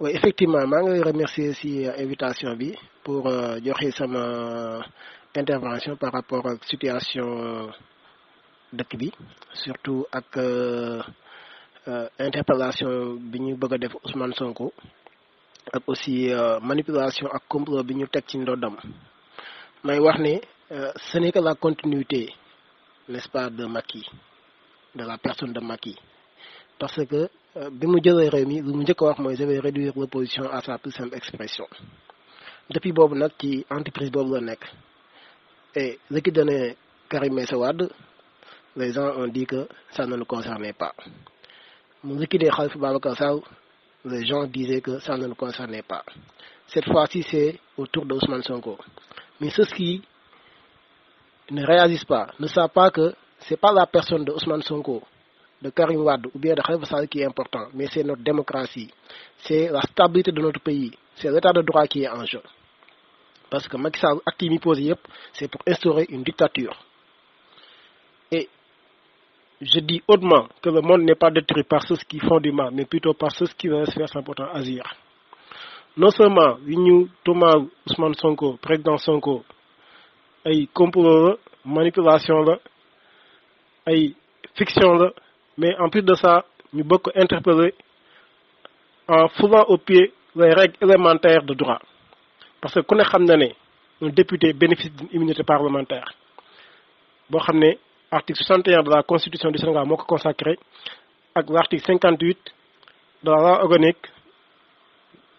oui effectivement maa ngi remercier si euh, invitation bi pour euh, joxe sama euh, intervention par rapport ak situation dëkk bi surtout ak interpellation bi ñu bëgg a def Ousmane Sonko ak aussi manipulation ak complot bi ñu teg ci ndoddam may wax ne ce n'est la continuité n'est-ce pas de Macky de la personne de Macky parce que bi mu jëlee réew mi lu mu njëkk wax mooy je vais réduire l'opposition à sa plus simple expression depuis boobu nag ci entreprise boobu la nekk et ce qui donnait Karim Meïssa Wade les gens ont dit que ça ne le concernait pas mu liquidé Khalifa Babacar Sall les gens disaient que ça ne le concernait pas cette fois-ci c'est au tour de Ousmane Sonko mais ceux qui ne réagissent pas ne savent pas que c'est pas la personne de Ousmane Sonko de Karim Wade ou bien de Khalifa Sall qui est important, mais c'est notre démocratie, c'est la stabilité de notre pays, c'est l'état de droit qui est en jeu. Parce que ma Sall acte yi muy posé yëpp c'est pour instaurer une dictature. Et je dis hautement que le monde n'est pas détruit par ceux qui font du mal, mais plutôt par ceux qui veulent faire s'emporter agir. Non seulement li ñu Thomas Ousmane Sonko président Sonko ay complot la manipulation la ay la mais en plus de ça ñu bokk ko interpeller en foulant au pied les règles élémentaires de droit parce que ku ne xam na ne un député bénéficie d'une immunité parlementaire boo xam ne article 61 de la constitution du Sénégal moo consacré ak l'article 58 de la loi organique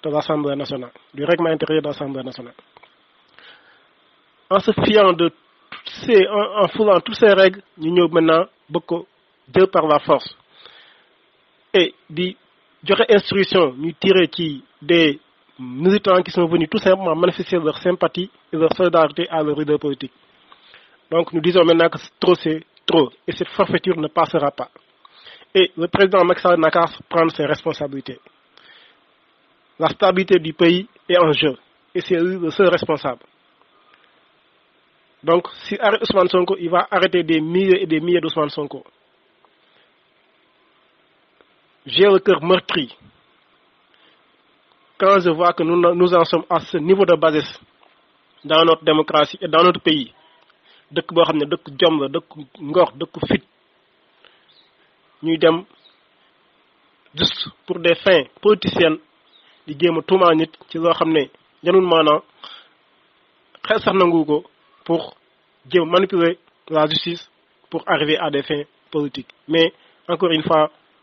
de l'Assemblée nationale du règlement intérieur de l'Assemblée nationale en se de toutes ces en, foulant toutes ces règles ñu ñëw maintenant bëgg Dieu par la force et di joxe instruction ñu tirer ci des militants qui sont venus tout simplement manifester leur sympathie et leur solidarité à leur leader politique donc nous disons maintenant que trop c'est trop et cette forfaiture ne passera pas et le président Macky Sall n'a qu'à prendre ses responsabilités la stabilité du pays est en jeu et c'est lui le seul responsable donc si arrête Ousmane Sonko il va arrêter des milliers et des milliers d'Ousmane Sonko j'ai le cœur meurtri. Quand je vois que nous, nous en à ce niveau de bassesse dans notre démocratie et dans notre pays dëkk boo xam ne dëkk jom la dëkk ngor dëkk fit ñuy dem juste pour des fins politiciennes di jéem a tuumaal nit ci loo xam ne janul maanaam xel sax nangu ko pour jéem manipuler la justice pour arriver à des fins politiques mais encore une fois